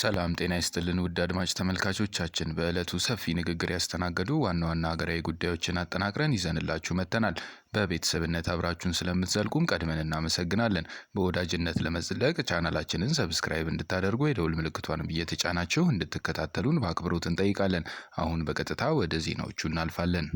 ሰላም ጤና ይስጥልን ውድ አድማጭ ተመልካቾቻችን፣ በዕለቱ ሰፊ ንግግር ያስተናገዱ ዋና ዋና ሀገራዊ ጉዳዮችን አጠናቅረን ይዘንላችሁ መጥተናል። በቤተሰብነት አብራችሁን ስለምትዘልቁም ቀድመን እናመሰግናለን። በወዳጅነት ለመዝለቅ ቻናላችንን ሰብስክራይብ እንድታደርጉ የደውል ምልክቷንም እየተጫናችሁ እንድትከታተሉን በአክብሮት እንጠይቃለን። አሁን በቀጥታ ወደ ዜናዎቹ እናልፋለን።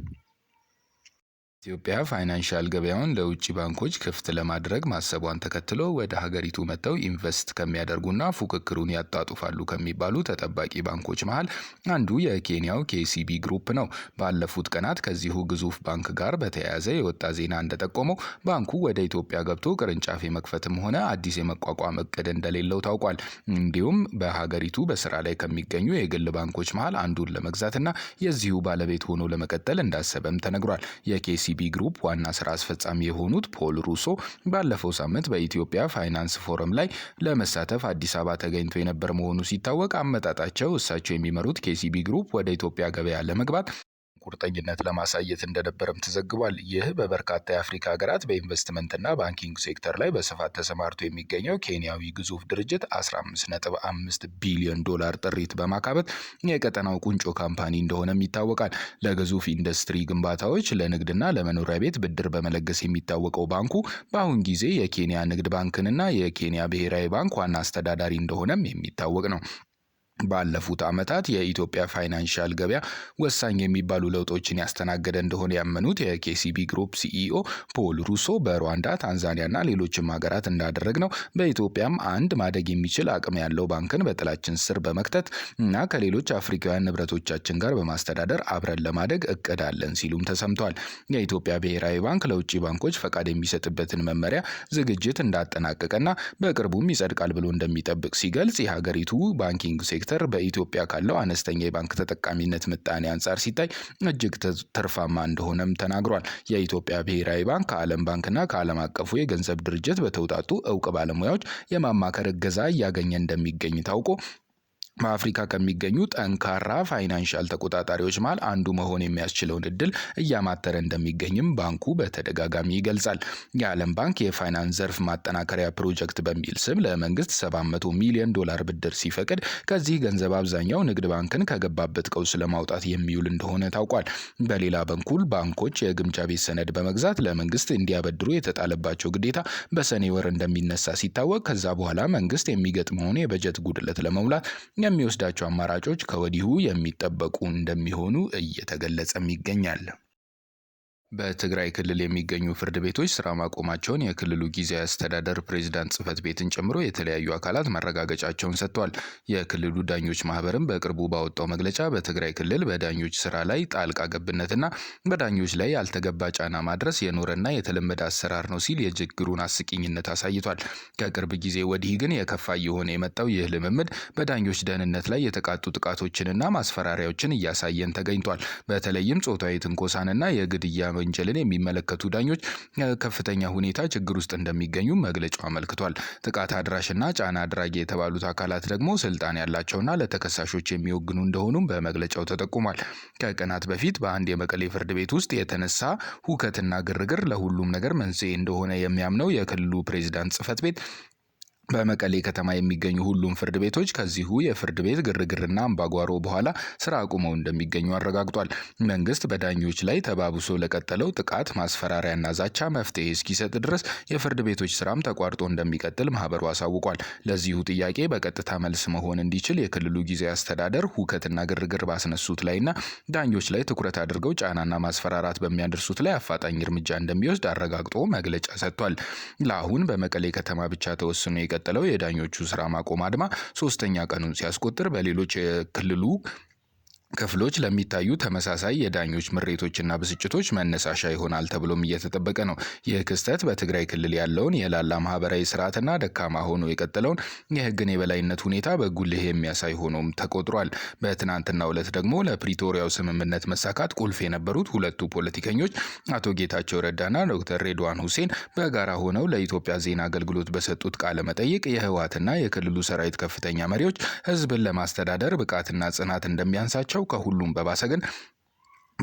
ኢትዮጵያ ፋይናንሻል ገበያውን ለውጭ ባንኮች ክፍት ለማድረግ ማሰቧን ተከትሎ ወደ ሀገሪቱ መጥተው ኢንቨስት ከሚያደርጉና ፉክክሩን ያጣጡፋሉ ከሚባሉ ተጠባቂ ባንኮች መሀል አንዱ የኬንያው ኬሲቢ ግሩፕ ነው። ባለፉት ቀናት ከዚሁ ግዙፍ ባንክ ጋር በተያያዘ የወጣ ዜና እንደጠቆመው ባንኩ ወደ ኢትዮጵያ ገብቶ ቅርንጫፍ የመክፈትም ሆነ አዲስ የመቋቋም እቅድ እንደሌለው ታውቋል። እንዲሁም በሀገሪቱ በስራ ላይ ከሚገኙ የግል ባንኮች መሀል አንዱን ለመግዛትና የዚሁ ባለቤት ሆኖ ለመቀጠል እንዳሰበም ተነግሯል። የሲቢ ግሩፕ ዋና ስራ አስፈጻሚ የሆኑት ፖል ሩሶ ባለፈው ሳምንት በኢትዮጵያ ፋይናንስ ፎረም ላይ ለመሳተፍ አዲስ አበባ ተገኝቶ የነበር መሆኑ ሲታወቅ አመጣጣቸው እሳቸው የሚመሩት ኬሲቢ ግሩፕ ወደ ኢትዮጵያ ገበያ ለመግባት ቁርጠኝነት ለማሳየት እንደነበረም ተዘግቧል። ይህ በበርካታ የአፍሪካ ሀገራት በኢንቨስትመንትና ባንኪንግ ሴክተር ላይ በስፋት ተሰማርቶ የሚገኘው ኬንያዊ ግዙፍ ድርጅት 15.5 ቢሊዮን ዶላር ጥሪት በማካበት የቀጠናው ቁንጮ ካምፓኒ እንደሆነም ይታወቃል። ለግዙፍ ኢንዱስትሪ ግንባታዎች፣ ለንግድና ለመኖሪያ ቤት ብድር በመለገስ የሚታወቀው ባንኩ በአሁን ጊዜ የኬንያ ንግድ ባንክንና የኬንያ ብሔራዊ ባንክ ዋና አስተዳዳሪ እንደሆነም የሚታወቅ ነው። ባለፉት ዓመታት የኢትዮጵያ ፋይናንሻል ገበያ ወሳኝ የሚባሉ ለውጦችን ያስተናገደ እንደሆነ ያመኑት የኬሲቢ ግሩፕ ሲኢኦ ፖል ሩሶ በሩዋንዳ፣ ታንዛኒያና ሌሎችም ሀገራት እንዳደረግ ነው በኢትዮጵያም አንድ ማደግ የሚችል አቅም ያለው ባንክን በጥላችን ስር በመክተት እና ከሌሎች አፍሪካውያን ንብረቶቻችን ጋር በማስተዳደር አብረን ለማደግ እቅድ አለን ሲሉም ተሰምተዋል። የኢትዮጵያ ብሔራዊ ባንክ ለውጭ ባንኮች ፈቃድ የሚሰጥበትን መመሪያ ዝግጅት እንዳጠናቀቀና በቅርቡም ይጸድቃል ብሎ እንደሚጠብቅ ሲገልጽ የሀገሪቱ ባንኪንግ ሴክተር ሴክተር በኢትዮጵያ ካለው አነስተኛ የባንክ ተጠቃሚነት ምጣኔ አንጻር ሲታይ እጅግ ትርፋማ እንደሆነም ተናግሯል። የኢትዮጵያ ብሔራዊ ባንክ ከዓለም ባንክና ከዓለም አቀፉ የገንዘብ ድርጅት በተውጣጡ እውቅ ባለሙያዎች የማማከር እገዛ እያገኘ እንደሚገኝ ታውቆ በአፍሪካ ከሚገኙ ጠንካራ ፋይናንሻል ተቆጣጣሪዎች መሃል አንዱ መሆን የሚያስችለውን እድል እያማተረ እንደሚገኝም ባንኩ በተደጋጋሚ ይገልጻል። የዓለም ባንክ የፋይናንስ ዘርፍ ማጠናከሪያ ፕሮጀክት በሚል ስም ለመንግስት 700 ሚሊዮን ዶላር ብድር ሲፈቅድ ከዚህ ገንዘብ አብዛኛው ንግድ ባንክን ከገባበት ቀውስ ለማውጣት የሚውል እንደሆነ ታውቋል። በሌላ በኩል ባንኮች የግምጃ ቤት ሰነድ በመግዛት ለመንግስት እንዲያበድሩ የተጣለባቸው ግዴታ በሰኔ ወር እንደሚነሳ ሲታወቅ ከዛ በኋላ መንግስት የሚገጥመውን የበጀት ጉድለት ለመሙላት የሚወስዳቸው አማራጮች ከወዲሁ የሚጠበቁ እንደሚሆኑ እየተገለጸም ይገኛል። በትግራይ ክልል የሚገኙ ፍርድ ቤቶች ስራ ማቆማቸውን የክልሉ ጊዜያዊ አስተዳደር ፕሬዚዳንት ጽህፈት ቤትን ጨምሮ የተለያዩ አካላት መረጋገጫቸውን ሰጥተዋል። የክልሉ ዳኞች ማህበርም በቅርቡ ባወጣው መግለጫ በትግራይ ክልል በዳኞች ስራ ላይ ጣልቃ ገብነትና በዳኞች ላይ ያልተገባ ጫና ማድረስ የኖረና የተለመደ አሰራር ነው ሲል የችግሩን አስቂኝነት አሳይቷል። ከቅርብ ጊዜ ወዲህ ግን የከፋ እየሆነ የመጣው ይህ ልምምድ በዳኞች ደህንነት ላይ የተቃጡ ጥቃቶችንና ማስፈራሪያዎችን እያሳየን ተገኝቷል። በተለይም ጾታዊ ትንኮሳንና የግድያ ወንጀልን የሚመለከቱ ዳኞች ከፍተኛ ሁኔታ ችግር ውስጥ እንደሚገኙ መግለጫው አመልክቷል። ጥቃት አድራሽና ጫና አድራጊ የተባሉት አካላት ደግሞ ስልጣን ያላቸውና ለተከሳሾች የሚወግኑ እንደሆኑም በመግለጫው ተጠቁሟል። ከቀናት በፊት በአንድ የመቀሌ ፍርድ ቤት ውስጥ የተነሳ ሁከትና ግርግር ለሁሉም ነገር መንስኤ እንደሆነ የሚያምነው የክልሉ ፕሬዚዳንት ጽህፈት ቤት በመቀሌ ከተማ የሚገኙ ሁሉም ፍርድ ቤቶች ከዚሁ የፍርድ ቤት ግርግርና አምባጓሮ በኋላ ስራ አቁመው እንደሚገኙ አረጋግጧል። መንግስት በዳኞች ላይ ተባብሶ ለቀጠለው ጥቃት ማስፈራሪያና ዛቻ መፍትሄ እስኪሰጥ ድረስ የፍርድ ቤቶች ስራም ተቋርጦ እንደሚቀጥል ማህበሩ አሳውቋል። ለዚሁ ጥያቄ በቀጥታ መልስ መሆን እንዲችል የክልሉ ጊዜ አስተዳደር ሁከትና ግርግር ባስነሱት ላይና ዳኞች ላይ ትኩረት አድርገው ጫናና ማስፈራራት በሚያደርሱት ላይ አፋጣኝ እርምጃ እንደሚወስድ አረጋግጦ መግለጫ ሰጥቷል። ለአሁን በመቀሌ ከተማ ብቻ ተወስኖ የቀጠለው የዳኞቹ ስራ ማቆም አድማ ሶስተኛ ቀኑን ሲያስቆጥር በሌሎች የክልሉ ክፍሎች ለሚታዩ ተመሳሳይ የዳኞች ምሬቶችና ብስጭቶች መነሳሻ ይሆናል ተብሎም እየተጠበቀ ነው። ይህ ክስተት በትግራይ ክልል ያለውን የላላ ማህበራዊ ስርዓትና ደካማ ሆኖ የቀጠለውን የህግን የበላይነት ሁኔታ በጉልህ የሚያሳይ ሆኖም ተቆጥሯል። በትናንትናው ዕለት ደግሞ ለፕሪቶሪያው ስምምነት መሳካት ቁልፍ የነበሩት ሁለቱ ፖለቲከኞች አቶ ጌታቸው ረዳና ዶክተር ሬድዋን ሁሴን በጋራ ሆነው ለኢትዮጵያ ዜና አገልግሎት በሰጡት ቃለ መጠይቅ የህወሓትና የክልሉ ሰራዊት ከፍተኛ መሪዎች ህዝብን ለማስተዳደር ብቃትና ጽናት እንደሚያንሳቸው ናቸው። ከሁሉም በባሰ ግን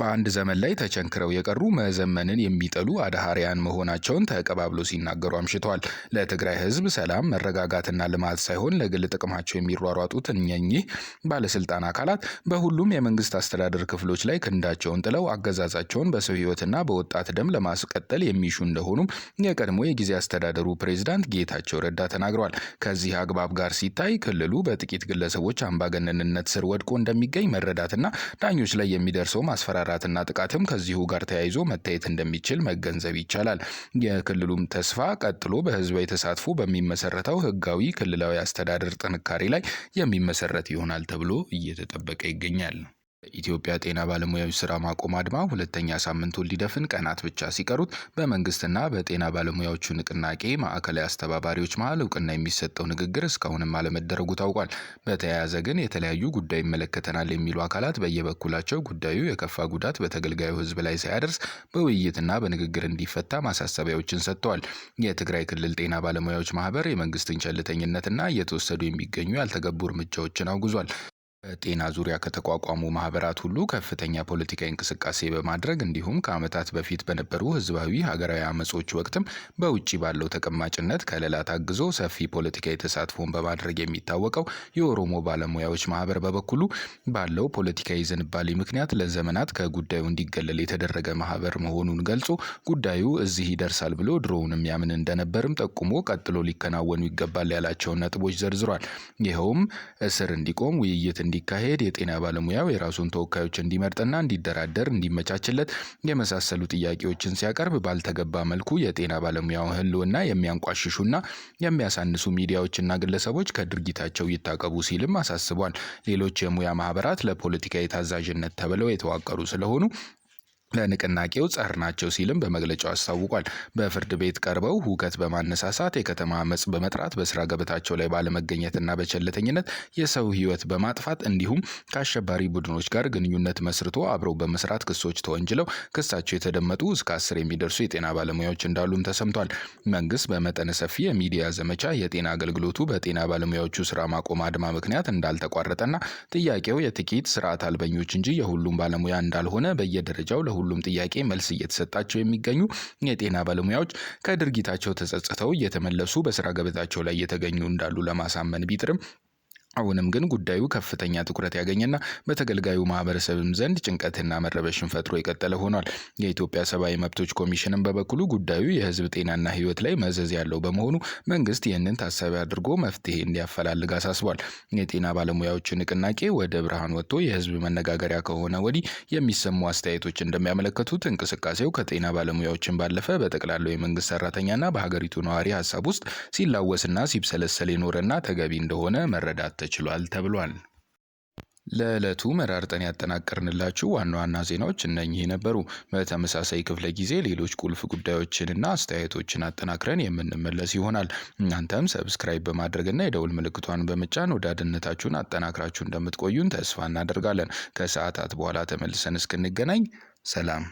በአንድ ዘመን ላይ ተቸንክረው የቀሩ መዘመንን የሚጠሉ አድሃሪያን መሆናቸውን ተቀባብሎ ሲናገሩ አምሽተዋል። ለትግራይ ሕዝብ ሰላም መረጋጋትና ልማት ሳይሆን ለግል ጥቅማቸው የሚሯሯጡት እነኚህ ባለስልጣን አካላት በሁሉም የመንግስት አስተዳደር ክፍሎች ላይ ክንዳቸውን ጥለው አገዛዛቸውን በሰው ሕይወትና በወጣት ደም ለማስቀጠል የሚሹ እንደሆኑም የቀድሞ የጊዜ አስተዳደሩ ፕሬዚዳንት ጌታቸው ረዳ ተናግረዋል። ከዚህ አግባብ ጋር ሲታይ ክልሉ በጥቂት ግለሰቦች አምባገነንነት ስር ወድቆ እንደሚገኝ መረዳትና ዳኞች ላይ የሚደርሰው ማስፈራ ማስፈራራትና ጥቃትም ከዚሁ ጋር ተያይዞ መታየት እንደሚችል መገንዘብ ይቻላል። የክልሉም ተስፋ ቀጥሎ በህዝባዊ ተሳትፎ በሚመሰረተው ህጋዊ ክልላዊ አስተዳደር ጥንካሬ ላይ የሚመሰረት ይሆናል ተብሎ እየተጠበቀ ይገኛል። ኢትዮጵያ ጤና ባለሙያዎች ስራ ማቆም አድማ ሁለተኛ ሳምንቱን ሊደፍን ቀናት ብቻ ሲቀሩት በመንግስትና በጤና ባለሙያዎቹ ንቅናቄ ማዕከላዊ አስተባባሪዎች መሀል እውቅና የሚሰጠው ንግግር እስካሁንም አለመደረጉ ታውቋል። በተያያዘ ግን የተለያዩ ጉዳይ ይመለከተናል የሚሉ አካላት በየበኩላቸው ጉዳዩ የከፋ ጉዳት በተገልጋዩ ህዝብ ላይ ሳያደርስ በውይይትና በንግግር እንዲፈታ ማሳሰቢያዎችን ሰጥተዋል። የትግራይ ክልል ጤና ባለሙያዎች ማህበር የመንግስትን ቸልተኝነትና እየተወሰዱ የሚገኙ ያልተገቡ እርምጃዎችን አውግዟል። ጤና ዙሪያ ከተቋቋሙ ማህበራት ሁሉ ከፍተኛ ፖለቲካዊ እንቅስቃሴ በማድረግ እንዲሁም ከዓመታት በፊት በነበሩ ህዝባዊ ሀገራዊ አመጾች ወቅትም በውጭ ባለው ተቀማጭነት ከለላ ታግዞ ሰፊ ፖለቲካዊ ተሳትፎን በማድረግ የሚታወቀው የኦሮሞ ባለሙያዎች ማህበር በበኩሉ ባለው ፖለቲካዊ ዝንባሌ ምክንያት ለዘመናት ከጉዳዩ እንዲገለል የተደረገ ማህበር መሆኑን ገልጾ ጉዳዩ እዚህ ይደርሳል ብሎ ድሮውንም ያምን እንደነበርም ጠቁሞ ቀጥሎ ሊከናወኑ ይገባል ያላቸውን ነጥቦች ዘርዝሯል። ይኸውም እስር እንዲቆም ውይይት እንዲ እንዲካሄድ የጤና ባለሙያው የራሱን ተወካዮች እንዲመርጥና እንዲደራደር እንዲመቻችለት የመሳሰሉ ጥያቄዎችን ሲያቀርብ ባልተገባ መልኩ የጤና ባለሙያው ህልውና የሚያንቋሽሹና የሚያሳንሱ ሚዲያዎችና ግለሰቦች ከድርጊታቸው ይታቀቡ ሲልም አሳስቧል። ሌሎች የሙያ ማህበራት ለፖለቲካ የታዛዥነት ተብለው የተዋቀሩ ስለሆኑ ለንቅናቄው ጸር ናቸው ሲልም በመግለጫው አስታውቋል። በፍርድ ቤት ቀርበው ሁከት በማነሳሳት የከተማ አመፅ በመጥራት በስራ ገበታቸው ላይ ባለመገኘትና በቸለተኝነት የሰው ህይወት በማጥፋት እንዲሁም ከአሸባሪ ቡድኖች ጋር ግንኙነት መስርቶ አብረው በመስራት ክሶች ተወንጅለው ክሳቸው የተደመጡ እስከ አስር የሚደርሱ የጤና ባለሙያዎች እንዳሉም ተሰምቷል። መንግስት በመጠነ ሰፊ የሚዲያ ዘመቻ የጤና አገልግሎቱ በጤና ባለሙያዎቹ ስራ ማቆም አድማ ምክንያት እንዳልተቋረጠና ጥያቄው የጥቂት ስርዓት አልበኞች እንጂ የሁሉም ባለሙያ እንዳልሆነ በየደረጃው ለሁ ለሁሉም ጥያቄ መልስ እየተሰጣቸው የሚገኙ የጤና ባለሙያዎች ከድርጊታቸው ተጸጽተው እየተመለሱ በስራ ገበታቸው ላይ እየተገኙ እንዳሉ ለማሳመን ቢጥርም አሁንም ግን ጉዳዩ ከፍተኛ ትኩረት ያገኘና በተገልጋዩ ማህበረሰብም ዘንድ ጭንቀትና መረበሽን ፈጥሮ የቀጠለ ሆኗል። የኢትዮጵያ ሰብአዊ መብቶች ኮሚሽንም በበኩሉ ጉዳዩ የህዝብ ጤናና ህይወት ላይ መዘዝ ያለው በመሆኑ መንግስት ይህንን ታሳቢ አድርጎ መፍትሄ እንዲያፈላልግ አሳስቧል። የጤና ባለሙያዎች ንቅናቄ ወደ ብርሃን ወጥቶ የህዝብ መነጋገሪያ ከሆነ ወዲህ የሚሰሙ አስተያየቶች እንደሚያመለክቱት እንቅስቃሴው ከጤና ባለሙያዎችን ባለፈ በጠቅላላው የመንግስት ሰራተኛና በሀገሪቱ ነዋሪ ሀሳብ ውስጥ ሲላወስና ሲብሰለሰል የኖረና ተገቢ እንደሆነ መረዳት ተችሏል ተብሏል። ለዕለቱ መራርጠን ያጠናቀርንላችሁ ዋና ዋና ዜናዎች እነኚህ ነበሩ። በተመሳሳይ ክፍለ ጊዜ ሌሎች ቁልፍ ጉዳዮችንና አስተያየቶችን አጠናክረን የምንመለስ ይሆናል። እናንተም ሰብስክራይብ በማድረግና የደውል ምልክቷን በመጫን ወዳድነታችሁን አጠናክራችሁ እንደምትቆዩን ተስፋ እናደርጋለን። ከሰዓታት በኋላ ተመልሰን እስክንገናኝ ሰላም